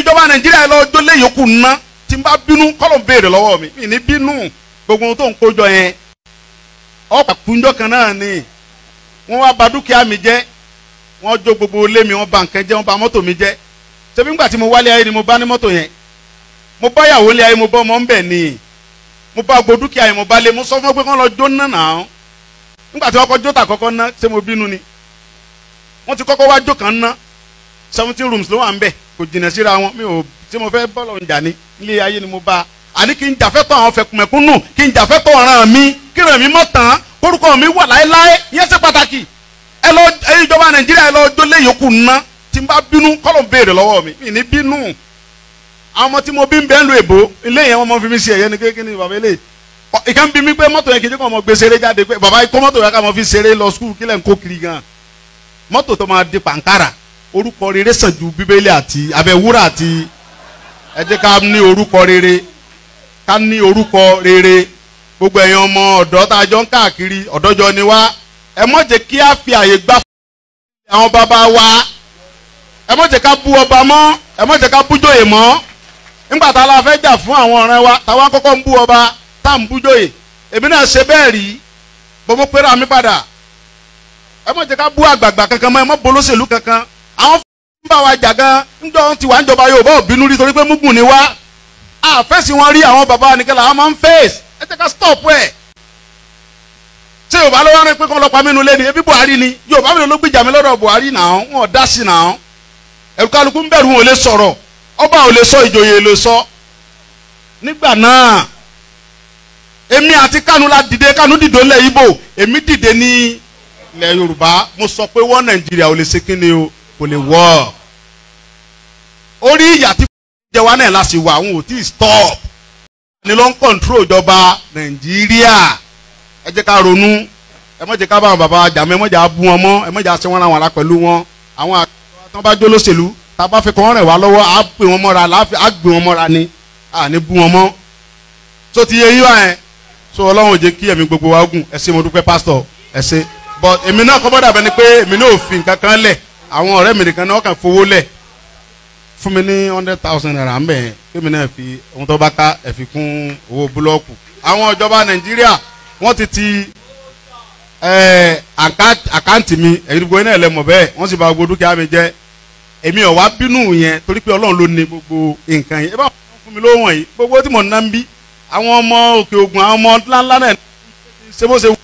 ìjọba nàìjíríà lọ jólé yòókù ná tí n bá bínú kọ́lọ̀ ń béèrè lọ́wọ́ mi mi ní bínú gbogbo ohun tó ń kójọ yẹn ọ̀pọ̀ àkúnjọ kan náà ni wọ́n wá bà dúkìá mi jẹ́ wọ́n jó gbogbo ilé mi wọ́n bà nǹkan jẹ́ wọ́n bà mọ́tò mi jẹ́ ṣebí ńgbà tí mo wálé ayé ni mo bá ní mọ́tò yẹn mo bá yàwó lé ayé mo bá ọmọ ń bẹ̀ ni mo bá gbogbo dúkìá yẹn mo bá lé mo sọ fún pé kán lọ jóná náà ńgbà tí wọ́n kọ́ jótà kọ́kọ́ ná ṣé mo bínú ni wọ́n ti kọ́kọ́ wá jó kan ná seventeen rooms ló wà ń bẹ̀ kò jìnnà síra wọn mi ò tí mo fẹ́ bọ́lọ̀ ń jà ní ilé ayé ni mo bá a ní kí n jàfẹ́tọ̀ àwọn fẹ̀kùnmẹ̀kúnnù kí n jàfẹ́tọ̀ ọ̀ràn mi kí rẹ̀ mi mọ̀ tán kórúkọ mi wà láéláé yẹn ṣe pàtàkì ẹ lọ ìjọba nàìjíríà ẹ lọ jólé yòókù ná tí n bá bínú kọ́lọ̀ ń béèrè lọ́wọ́ mi mi ní bínú àwọn ọmọ tí mo bí ń bẹ́ẹ̀ lu èbó ilé yẹn wọn mọ fi mi ṣe ẹ̀yẹ ni kékeré ni bàbá eléyìí ìkà ń bi mí pé mọ́tò yẹn kìí kọ́ ọmọ gbé ṣeré jáde pé bàbá ikọ́ mọ́tò yẹn ká mọ́ fi ṣeré lọ skul kílẹ̀ ń kó kiri gan mọ́tò tó máa di pàǹkárà orúkọ rere sàn ju bíbélì àti abẹ́wúrà àti ẹ jẹ́ ká ní orúkọ rere ká ní orúkọ rere gbogbo ẹ̀yin ọmọ ọ̀dọ́ tá a jọ ń káàkiri ọ̀dọ́jọ́ ni wá ẹ má jẹ́ kí a fi àyè gbà àwọn bàbá wa ẹ má jẹ́ ká bú ọba mọ́ ẹ má jẹ́ ká bújòyè mọ́ nígbà tá a la fẹ́ jà fún àwọn ọ̀rẹ́ wa táwa kọ́kọ́ ń bú ọba tá à ń bújòyè èmi náà ṣe bẹ́ẹ̀ rí bọ́mọ pẹ́rọ àmì padà ẹ má jẹ́ ká bú àgbààgbà kankan mọ́ ẹ má bolóṣèlú kankan bá wa jà gan ńjọ ti wà ńjọba Yorùbá ò bínú rí torí pé mugun ni wá àfẹ́sí wọn rí àwọn bàbá nìkan làwọn máa ń fèsì ẹ jẹ́ ká stop ẹ̀ ṣé Yorùbá ló wá rẹ pé kọ́ lọ́pàá mẹ́nu lé ni ebi Buhari ni Yorùbá mi ló gbìjà mi lọ́dọ̀ Buhari náà wọn ò dá sí náà ẹ̀rù kálukú ń bẹ̀rù wọn ò lè sọ̀rọ̀ ọba ò lè sọ ìjòyè lè sọ nígbà náà èmi àti Kanu la dìde Kanu dìde ńlẹ̀ Ìgbò èmi dìde ní ilẹ̀ Yorùbá mo sọ pé wọ́n Nàìjíríà ò lè ṣe kíni o kò lè wọ̀ orí ìyà tí jẹ wá náà láti wà àwọn ò tí ì stop ni ló ń control ìjọba nàìjíríà ẹ jẹ́ ká ronú ẹ má jẹ́ ká bá àwọn bàbá àjà mọ́ ẹ má jẹ́ abú wọn mọ́ ẹ má jẹ́ àti wọn ra wọn ra pẹ̀lú wọn àwọn àtọ́ bá jó lóṣèlú tá a bá fi kọ́ wọn rẹ̀ wá lọ́wọ́ á gbé wọn mọ́ra láàfin á gbé wọn mọ́ra ni à ní bú wọn mọ́ tó ti yé yíwá yẹn so ọlọ́run ò jẹ́ kí ẹ̀mí gbogbo wa gùn ẹ ṣé mo dúpẹ́ pásítọ̀ ẹ ṣé but èmi náà kọ́ bọ́dà bẹ́ni pé èmi náà ò fi nǹkan kan lẹ̀ àwọn ọ̀rẹ́ mi nìkan náà kàn fowó lẹ̀ fún mi ní hundred thousand naira ń bẹ̀ yẹn kémi náà fi ohun tó bá ká ẹ̀ fi kún owó búlọ́ọ̀kù àwọn ìjọba nàìjíríà wọ́n ti ti àkáǹtì mi ẹ̀yìnbó iná ẹ̀lẹ́mọ̀ bẹ́ẹ̀ wọ́n sì bà gbogbo dúkìá mi jẹ́ èmi ò wá bínú yẹn torí pé ọlọ́run ló ní gbogbo nǹkan yẹn ẹ bá wọn fún mi lówó wọ̀nyí gbogbo tí mò ń ná ń bí àwọn ọmọ òkè ògùn àwọn ọmọ ńláńlá náà ṣe bó ṣe wù.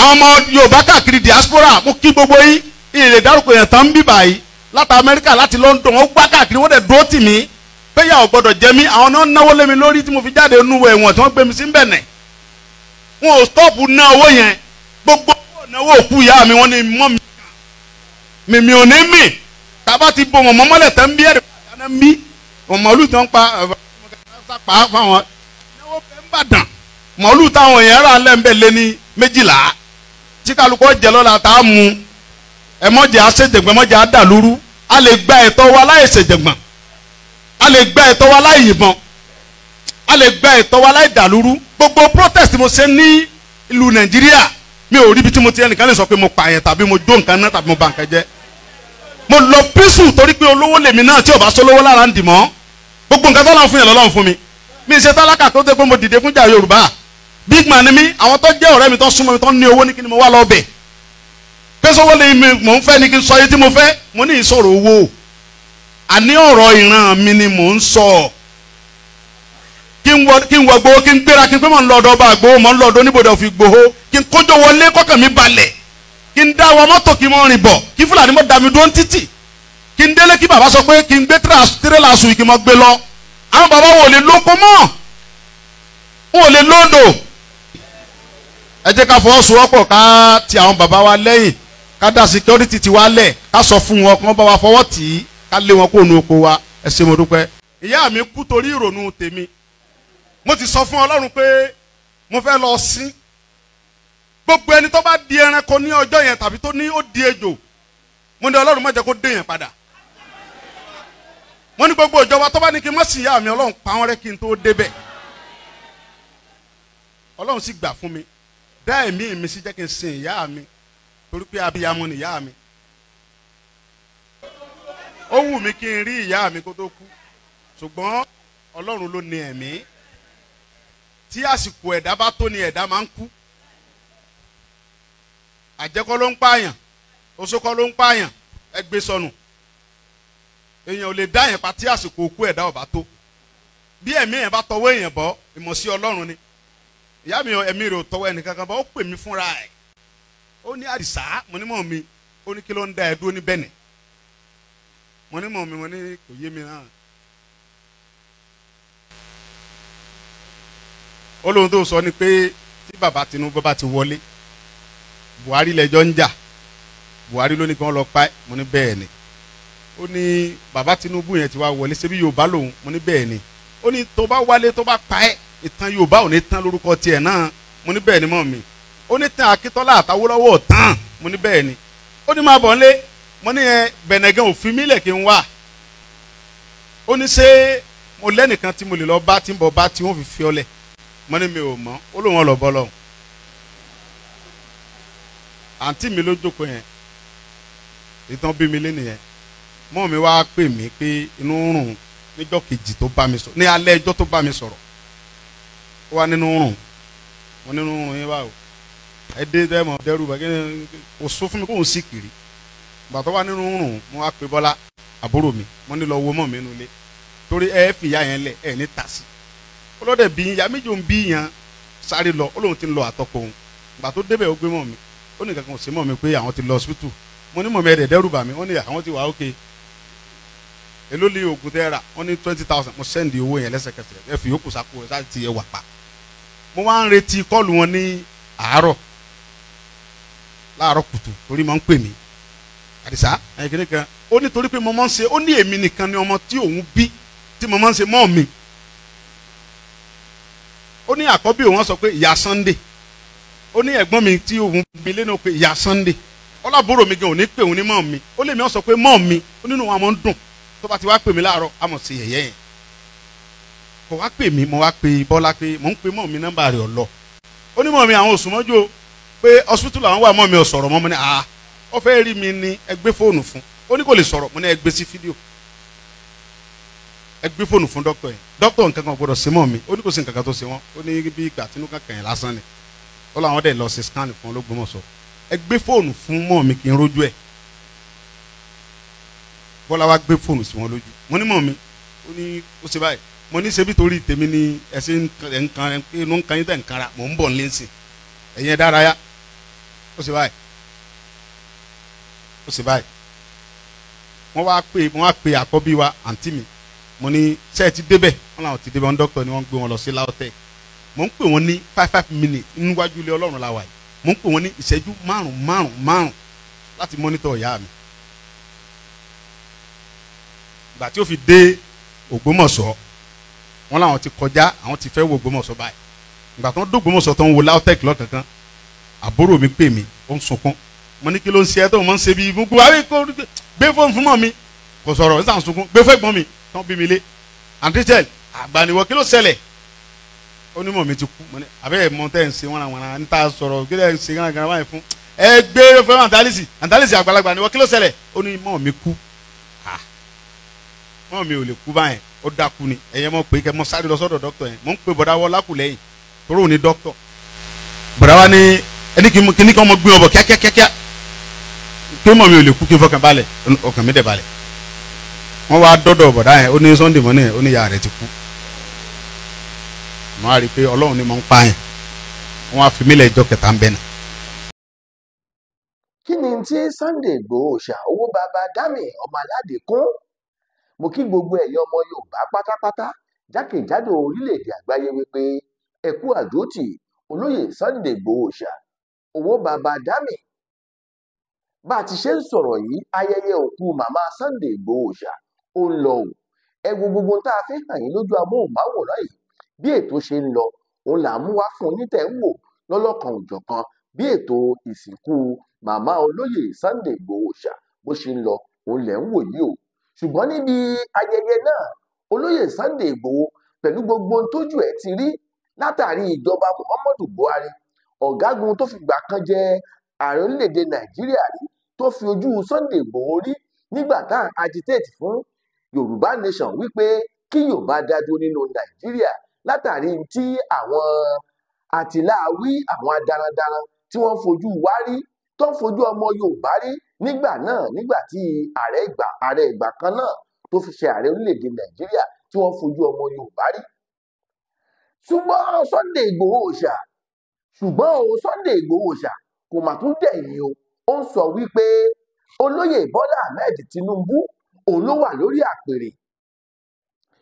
àwọn ọmọ yorùbá káàkiri diaspora mo kí gbogbo yín ìrè dárúkọ yẹn tán ń bí báyìí láti amẹ́ríkà láti london wọ́n gbá káàkiri wọ́n dẹ̀ dúró tì mí péyà ò gbọ́dọ̀ jẹ mí àwọn náà náwó lé mi lórí tí mo fi jáde nu ẹ̀wọ̀n tí wọ́n gbé mi sí bẹ̀nẹ̀ wọn ò stọ́ọ̀pù ná owó yẹn gbogbo náwó òkú ìyá mi wọ́n ní mọ́ mi mìmì ò ní mì tábà ti bo mọ̀mọ́ mọ́lẹ̀ tẹ́ ń bí ẹ̀rẹ̀ fàdáná ń bí mọ̀lú tí wọ́n pa eh, pa fáwọn náwó fẹ́ ń bàdàn mọ̀lú táwọn èèyàn rà lẹ́ńbẹ̀ lé ní méjìlá ẹ mọ̀jẹ̀ aṣèjẹ̀gbọ̀n mọ̀jẹ̀ adàlúrú a lè gba ẹ̀tọ́ wa láì ṣèjẹ̀gbọ̀n a lè gba ẹ̀tọ́ wa láì yìnbọn a lè gba ẹ̀tọ́ wa láì dàlúrú gbogbo protest mo ṣe ní ìlú nàìjíríà mi ò ríbi tí mo ti ẹnìkan lè sọ pé mo pààyàn tàbí mo jó nǹkan náà tàbí mo bà nǹkan jẹ́ mo lọ písù torí pé olówó lèmi náà tí ò bá sólówó lára ń dì mọ́ gbogbo nǹkan tó lọ́n fún yẹn lọ́lọ́run fún mi mi ṣe tálákà tó dé pé mo dìde fún jà yorùbá big man ni mi àwọn tó jẹ́ ọ̀rẹ́ mi tó súnmọ́ mi tó ní owó ní kí ni mo wá lọ bẹ̀ pé sọ́wọ́ lè mi mò ń fẹ́ ni kí n sọ yé tí mo fẹ́ mo ní ìsọ̀rọ̀ owó àní ọ̀rọ̀ ìran mi ni mò ń sọ kí n wọ gbowó kí n gbéra kí n pé mò ń lọ́dọ̀ ọba àgbowó mò ń lọ́dọ̀ oníbodè òfin gbowó kí n kójó wọlé kọ́kàn mi balẹ̀ kí n dá wọn mọ́tò kí n mọ́ rìn bọ̀ kí fúlàní mọ́ dàmí dúró ń títì kí n délé kí bàbá sọ pé kí n gbé tírélà sùn kí n mọ́ gbé lọ àwọn bàbá wò lè lóko mọ́ wọn lè lóńdò ẹ jẹ́ ká fọwọ́sowọ́pọ̀ ká ti àwọn bàbá wa lẹ́yìn ká dá security ti wá lẹ̀ ká sọ fún wọn kán bá wa fọwọ́ tì í ká lé wọn kó nu oko wa ẹ ṣé mo dúpẹ́. ìyá mi kú torí ìrònú tèmi mo ti sọ fún ọlọ́run pé mo fẹ́ lọ sí gbogbo ẹni tó bá di ẹranko ní ọjọ́ yẹn tàbí tó ní ó di ejò mo ní ọlọ́run má kó dé yẹn padà mo ní gbogbo ìjọba tó bá ní kí n má sì yá mi ọlọ́run pa wọ́n rẹ́ kí n tó débẹ̀ ọlọ́run sì gbà fún mi dá ẹ̀mí mi sí jẹ́ kí n sin ìyá mi torí pé abiyamọ ni ìyá mi ó wù mí kí n rí ìyá mi kó tó kú ṣùgbọ́n ọlọ́run ló ní ẹ̀mí tí àsìkò ẹ̀dá bá tó ni ẹ̀dá máa ń kú àjẹkọ́ ló ń pààyàn oṣokọ́ ló ń pààyàn ẹ sọnù èèyàn ò lè dá yẹn pa tí àsìkò òkú ẹ̀dá ò tó bí ẹ̀mí yẹn bá tọwọ́ èèyàn bọ́ ìmọ̀sí ọlọ́run ni ìyá mi ẹ̀mí rẹ̀ ò tọwọ́ ẹnìkankan bọ́ ó pè mí fúnra ẹ̀ ó ní àdìsá mo ní mọ̀ mi ó ní kí ló ń da ẹ dúró ní bẹ́ẹ̀nì mo ní mọ̀ mi mo ní kò yé mi náà. ó lóun tó sọ ni pé tí bàbá Tinubu bá ti wọlé Buhari lẹjọ ń jà Buhari ló ní kí wọ́n lọ pa ẹ́ mo ní bẹ́ẹ̀ ni ó ní bàbá Tinubu yẹn ti wá wọlé ṣebí Yorùbá lòun mo ní bẹ́ẹ̀ ni ó ní tó bá wálé tó bá pa ẹ́ ìtàn Yorùbá ò ní tán lórúkọ tiẹ̀ náà mo ní bẹ́ẹ̀ ni mọ̀ mi ó ní tán Akíntọ́lá àtàwọ́lọ́wọ́ tán mo ní bẹ́ẹ̀ ni ó ní máa bọ̀ nílé mo ní yẹn bẹ̀nẹ̀gàn òfin mílẹ̀ kí n wà ó ní ṣé mo lẹ́nìkan tí mo lè lọ bá tí ń bọ̀ bá tí wọ́n fi fi ọlẹ̀ mo ní mi ò mọ̀ ó lóun ọ̀ lọ́hùn àǹtí mi ló jókòó yẹn ìtàn bí mi lé nìyẹn mọ́ mi wá pè mí pé inú rùn níjọ́ kejì tó bá mi sọ̀rọ̀ ní alẹ́ ẹjọ́ tó bá mi sọ̀rọ̀ ó wá nínú rùn mo nínú rùn yín báwo ẹdẹ tẹ mọ dẹrù bàgẹ kò sọ fún mi kò ń sì kiri gbàtọ wà nínú rùn mo wá pe Bọ́lá àbúrò mi mo ní lọ wo mọ mi nulẹ torí ẹ fi ìyá yẹn lẹ ẹ ní tàsí ọlọdẹ bí ìyá méjì ń bí yẹn sáré lọ Ọlọ́run ti ń lọ àtọkọ òun gbàtọ débẹ̀ ó gbé mọ mi ó ní kankan ò sí mọ mi pé àwọn ti lọ hospital mo ní mọ mi ẹdẹ dẹrù bà mí wọ́n ní àwọn ti wà ókè èló lè oògùn tẹ rà wọ́n ní twenty thousand mo sẹ́ndì owó yẹn lẹ́sẹ̀kẹsẹ̀ ẹ fi yòókù sáko ẹ sáà ti ẹ wà pa mo wá ń retí kọ́ọ̀lù wọn ní àárọ̀ láàárọ̀ kùtù torí mọ̀ ń pè mí àdìsá ẹ̀kẹ́ni kan ó ní torí pé mo máa ń ṣe ó ní èmi nìkan ni ọmọ tí òun bí tí mo máa ń ṣe mọ́ mi ó ní àkọ́bí òun sọ pé ìyá Sunday ó ní ẹ̀gbọ́n mi tí òun bí lẹ́nu pé ìyá Sunday ọlábòrò mi gan ò ní pè òun ní mọ́ mi ó lè mi sọ pé mọ́ mi ó nínú wọn a ń dùn tó bá ti wá pè mí láàárọ̀ a mọ̀ sí yẹ̀yẹ́ yẹn kò wá pè mí mo wá pe Bọ́lá pé mò ń pe mọ́ mi nọ́mbà rẹ̀ ọ̀ lọ ó ní mọ́ mi àwọn òsùnmọ́jú pé hospital àwọn wà mọ́ mi ò sọ̀rọ̀ mọ́ mo ní ah ó fẹ́ rí mi ní ẹ gbé fóònù fún ó ní kò lè sọ̀rọ̀ mo ní ẹ gbé sí fídíò ẹ gbé fóònù fún dókítà yẹn dókítà nǹkan kan gbọdọ̀ sí mọ́ mi ó ní kò sí nǹkan kan tó ṣe wọ́n ó ní bí ìgbà tínú kankan yẹn lásán ni ó làwọn dẹ̀ lọ sí scan fún ọ ló gbọmọ sọ ẹ gbé fóònù fún mọ́ mi kí n rójú ẹ̀ bọ́lá wa gbé fóònù sí wọn lójú mo ní mọ́ mi ó ní ó ṣe báyìí mo ní ṣebí torí tèmi ni ẹsẹ nǹkan ẹnu nǹkan yín tẹ̀ ń kara mò ń bọ̀ ń lé ń sìn ẹ̀yin dárayá ó sì báyìí ó sì báyìí wọ́n wá pè wọ́n wá pè àkọ́bí wa àǹtí mi mo ní ṣe é ti débẹ̀ wọ́n làwọn ti débẹ̀ wọ́n dọ́kítọ̀ ni wọ́n gbé wọn lọ sí LAUTECH mo ń pè wọ́n ní five five minutes níwájú ilé ọlọ́run la wà yìí mo ń pè wọ́n ní ìṣẹ́jú márùn márùn márùn láti mọ́nítọ̀ ìyá mi ìgbà tí ó fi dé Ògbómọ̀ṣọ́ wọ́n làwọn ti kọjá àwọn ti fẹ́ wo Ògbómọ̀ṣọ́ báyìí ìgbà tó ń dógbómọ̀ṣọ́ tó ń wo LAUTECH lọ́kànkan àbúrò mi pè mí ó ń sunkún mo ní kí ló ń ṣe ẹ tó mọ̀ ń ṣe bí gbogbo àbí kò gbé fóònù fún mọ̀ mi kò sọ̀rọ̀ ń sàn sunkún gbé fún ẹ̀gbọ́n mi tán bí mi lé àǹtíṣẹ́l àgbàniwọ̀ kí ló ṣẹlẹ̀ onímọ̀ mi ti kú mo ní àbẹ́rẹ́ mọ tẹ́ ń ṣe wọ́n àwọn àwọn níta sọ̀rọ̀ kí lẹ́ ń ṣe gánagànà báyìí fún ẹ gbé fún àǹtálísì àǹtálísì àgbàlagbà niwọ̀ kí ló ṣẹlẹ̀ onímọ̀ mi kú ah, mọ̀ mi ò lè kú báyẹn ó dákú ni ẹ̀yẹ́ mọ̀ pé kẹ́ mọ̀ sáré lọ sọ́dọ̀ dókítà yẹn mọ̀ ń pè bọ̀dá wọlá kù lẹ́yìn torí òní dókítà ẹni kì ní kí ọmọ gbé ọbọ kíákíákíá pé mọ̀ mi ò lè kú kí n fọkàn balẹ̀ ọkàn mi dẹ̀ balẹ̀ wọ́n wá dọ́dọ̀ ọ̀bọ̀dá yẹn ó ní Sunday mọ́nà yẹn ó ní ìyá rẹ̀ ti kú wọ́n á rí i pé Ọlọ́run ni mò ń pa yẹn wọ́n á fi mílẹ̀ ìjọ kẹta ń bẹ̀ nà. kí ni tí Sunday Igboho ṣà owó bàbá dami ọmọ aládé kún mo kí gbogbo ẹ̀yọ́ ọmọ Yorùbá pátápátá jákèjádò orílẹ̀-èdè àgbáyé wípé ẹ̀kú àdótì olóyè Sunday Igboho ṣà owó bàbá dámì bá a ti ṣe ń sọ̀rọ̀ yìí ayẹyẹ òkú màmá Sunday Igboho ṣá ó ń lọ o ẹ wo gbogbo tá a fi hàn yín lójú amóhùnmáwòrán yìí bí ètò ṣe ń lọ òun là ń mú wá fún onítẹ̀ ń wò lọ́lọ́kan òjọ̀kan bí ètò ìsìnkú màmá olóyè Sunday Igboho ṣá bó ṣe ń lọ òun lẹ̀ ń wò yìí o ṣùgbọ́n níbi ayẹyẹ náà olóyè Sunday Igboho pẹ̀lú gbogbo tójú ẹ̀ ti rí látàrí ìjọba Muhammadu Buhari ọ̀gágun tó fìgbà kan jẹ ààrẹ orílẹ̀-èdè nàìjíríà rí tó fi ojú Sunday Igboho rí nígbà tá à agitate fún yorùbá nation wípé kí yorùbá dájú nínú nàìjíríà látàrí tí àwọn àtìláàwí àwọn adarandaran tí wọ́n fojú wá rí tó ń fojú ọmọ yorùbá rí nígbà náà nígbà tí ààrẹ ìgbà ààrẹ ìgbà kan náà tó fi ṣe ààrẹ orílẹ̀-èdè nàìjíríà tí wọ́n fojú ọmọ yorùbá rí. ṣùgbọ́n Sunday Igboho ṣáà ṣùgbọ́n o Sunday Ìgbòho ṣá kò mà tún dẹ̀yìn o ó ń sọ wípé olóyè Bọ́lá Ahmed Tinubu òun ló wà lórí àpèrè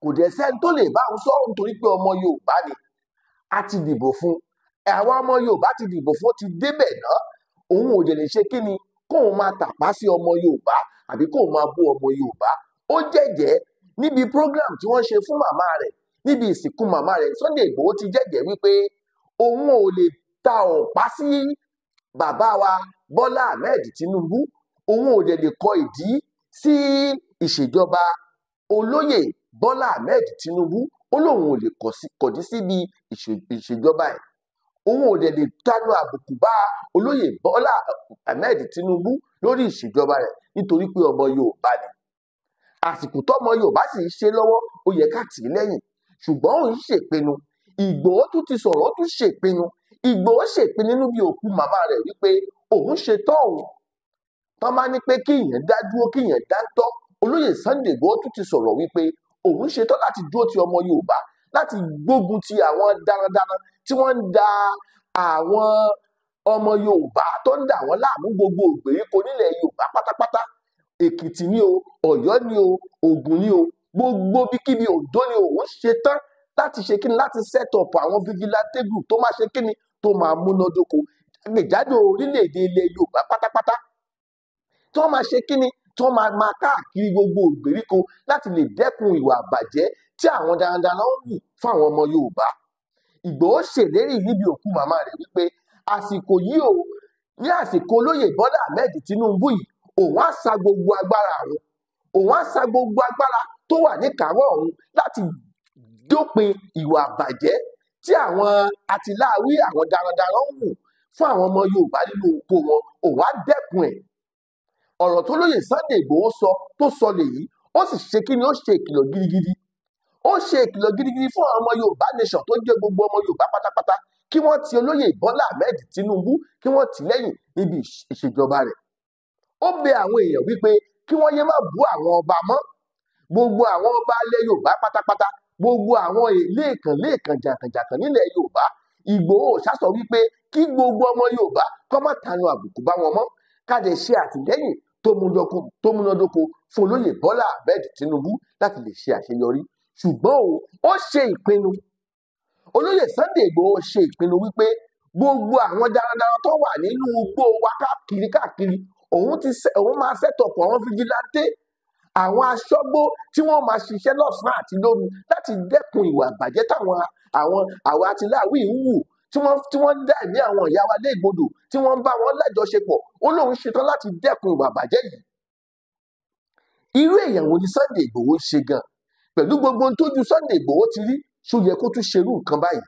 kò dẹ̀ sẹ́ni tó lè bá òun sọ nítorí pé ọmọ Yorùbá ni a ti dìbò fún àwọn ọmọ Yorùbá ti dìbò fún ti débẹ̀ náà òun ò dẹ̀ lè ṣe kí ni kóun máa tàpá sí ọmọ Yorùbá àbí kóun máa bú ọmọ Yorùbá ó jẹ́jẹ́ níbi program tí wọ́n ṣe fún màmá rẹ̀ níbi ìsìnkú màmá rẹ̀ Sunday Ìgbòho ti jẹ́jẹ́ wípé òun ò lè ta ọ̀pá sí bàbá wa Bọ́lá Ahmed Tinubu òun ò dẹ̀ lè kọ ìdí sí ìṣèjọba olóyè Bọ́lá Ahmed Tinubu ó lóun ò lè kọ̀dí síbi ìṣèjọba ẹ̀ òun ò dẹ̀ lè dáná àbùkù bá olóyè Bọ́lá Ahmed Tinubu lórí ìṣèjọba rẹ̀ nítorí pé ọmọ Yorùbá ni àsìkò tọmọ Yorùbá sì ń ṣe lọ́wọ́ ó yẹ ká tì í lẹ́yìn ṣùgbọ́n òun ṣèpinnu Ìgbòho tún ti sọ̀rọ̀ tún ṣèpinnu Ìgbòho ṣèpinnu níbi òkú màmá rẹ̀ wípé òun ṣe tán òun tán bá ní pé kíyàn dá dúró kíyàn dá tọ́ olóyè Sunday Ìgbòho tún ti sọ̀rọ̀ wípé òun ṣe tán láti dúró ti ọmọ Yorùbá láti gbógun ti àwọn darandaran tí wọ́n ń da àwọn ọmọ Yorùbá tó ń dà wọ́n láàmú gbogbo ìgbèríko nílẹ̀ Yorùbá pátápátá Èkìtì ni o Ọ̀yọ́ ni o Ògùn ni o gbogbo bíkíbi Oǹdó ni òun ṣe tán láti ṣe kíni láti set up àwọn vigilante group tó máa ṣe kíni tó máa mú lọ́dọ́kọ jákèjádò orílẹ̀-èdè ilẹ̀ Yorùbá pátápátá tí wọ́n máa ṣe kíni tí wọ́n máa máa káàkiri gbogbo ìgbèríko láti lè dẹ́kun ìwà àbàjẹ́ tí àwọn darandaran ń wù fún àwọn ọmọ Yorùbá Ìgbòho ṣèlérí níbi òkú màmá rẹ̀ wípé àsìkò yìí o ní àsìkò olóyè Bọ́lá Ahmed Tinubu yìí òun á sa gbogbo agbára òun á sa gbogbo agbára tó wà níkàáwọ́ òun láti dópin ìwà àbàjẹ́ tí àwọn àtìláàwí àwọn darandaran ń wù fún àwọn ọmọ Yorùbá nínú oko wọn òun á dẹ́kun ẹ̀ ọ̀rọ̀ tó lóye Sunday Ìgbòho sọ tó sọ lèyí ó sì ṣe kí ni ó ṣe ìkìlọ̀ gidigidi ó ṣe ìkìlọ̀ gidigidi fún àwọn ọmọ Yorùbá nation tó jẹ́ gbogbo ọmọ Yorùbá pátápátá kí wọ́n ti olóyè Bọ́lá Ahmed Tinubu kí wọ́n tì lẹ́yìn níbi ìṣèjọba rẹ̀ ó bẹ àwọn èèyàn wípé kí wọ́n yé má bú àwọn ọba mọ́ gbogbo àwọn ọba alẹ́ Yorùbá pátápátá gbogbo àwọn lẹ́ẹ̀kan lẹ́ẹ̀kan jàǹkànjàǹkàn nílẹ̀ yorùbá ìgbòho sásọ wípé kí gbogbo ọmọ yorùbá kọ́ má tanu àbùkù bá wọn mọ́ ká lè ṣe àtìlẹ́yìn tó múnádóko fún olóyè bọ́lá ahmed tinubu láti lè ṣe àṣeyọrí ṣùgbọ́n o ó ṣe ìpinnu olóyè sunday ìgbòho ṣe ìpinnu wípé gbogbo àwọn darandaran tó wà nínú igbó wa káàkiri káàkiri òun máa ṣètò ọ̀pọ̀ àwọn fijilantẹ́ àwọn aṣọ́gbó tí wọ́n máa ṣiṣẹ́ lọ́sàn-án àti lóru láti dẹ́kun ìwà àbàjẹ́ táwọn àwọn àwọn àtìláàwí ń wù tí wọ́n tí wọ́n ń dá ẹ̀mí àwọn ìyá wa léègbodò tí wọ́n ń bá wọn lájọṣepọ̀ ó lóun ṣetán láti dẹ́kun ìwà àbàjẹ́ yìí. irú èèyàn wo ni Sunday Ìgbòho ṣe gan pẹ̀lú gbogbo ohun tójú Sunday Ìgbòho ti rí ṣó yẹ kó tún ṣerú nǹkan báyìí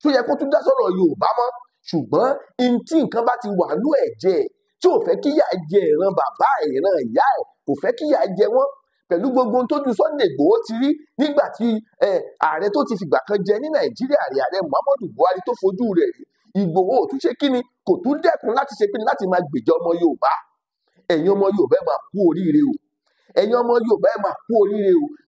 ṣó yẹ kó tún dá sọ̀rọ̀ Yorùbá mọ́ ṣùgbọ́n ntí nǹkan bá ti wà lú ẹ̀jẹ̀ tí ò fẹ́ kíyà jẹ ìran bàbá ìran ìyá ẹ̀ kò fẹ́ kíyà jẹ wọ́n pẹ̀lú gbogbo ohun tójú Sunday Igboho ti rí nígbà tí ààrẹ tó ti fìgbà kan jẹ ní Nàìjíríà rẹ̀ ààrẹ Muhammadu Buhari tó fojú rẹ̀ rí Ìgbòho ò tún ṣe kí ni kò tún dẹ́kun láti ṣe pé láti máa gbèjà ọmọ Yorùbá ẹ̀yin ọmọ Yorùbá ẹ̀ máa kú oríire o ẹ̀yin ọmọ Yorùbá ẹ̀ máa kú oríire o